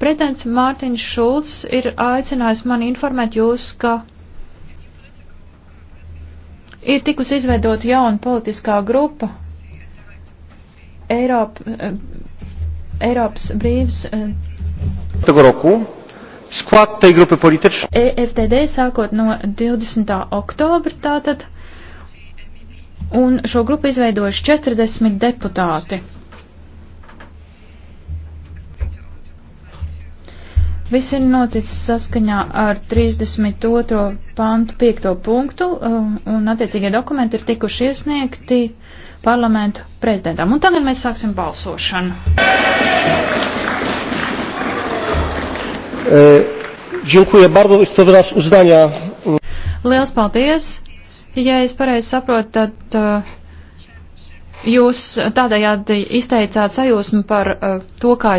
Prezidents Mārtiņš Šulcs ir aicinājis mani informēt jūs, ka ir tikus izveidot jauna politiskā grupa Eiropa, eh, Eiropas brīvs. Eh, Tego roku skład tej grupy politycznej. EFTD sākot no 20. oktobra tātad, un šo grupu izveidojuši 40 deputāti. Viss ir noticis saskaņā ar 32. pantu 5. punktu, uh, un attiecīgie dokumenti ir tikuši iesniegti parlamentu prezidentam. Un tagad mēs sāksim balsošanu. E, Liels paldies! Ja es pareizi saprotu, tad uh, jūs tādējādi izteicāt sajūsmu par uh, to, kā es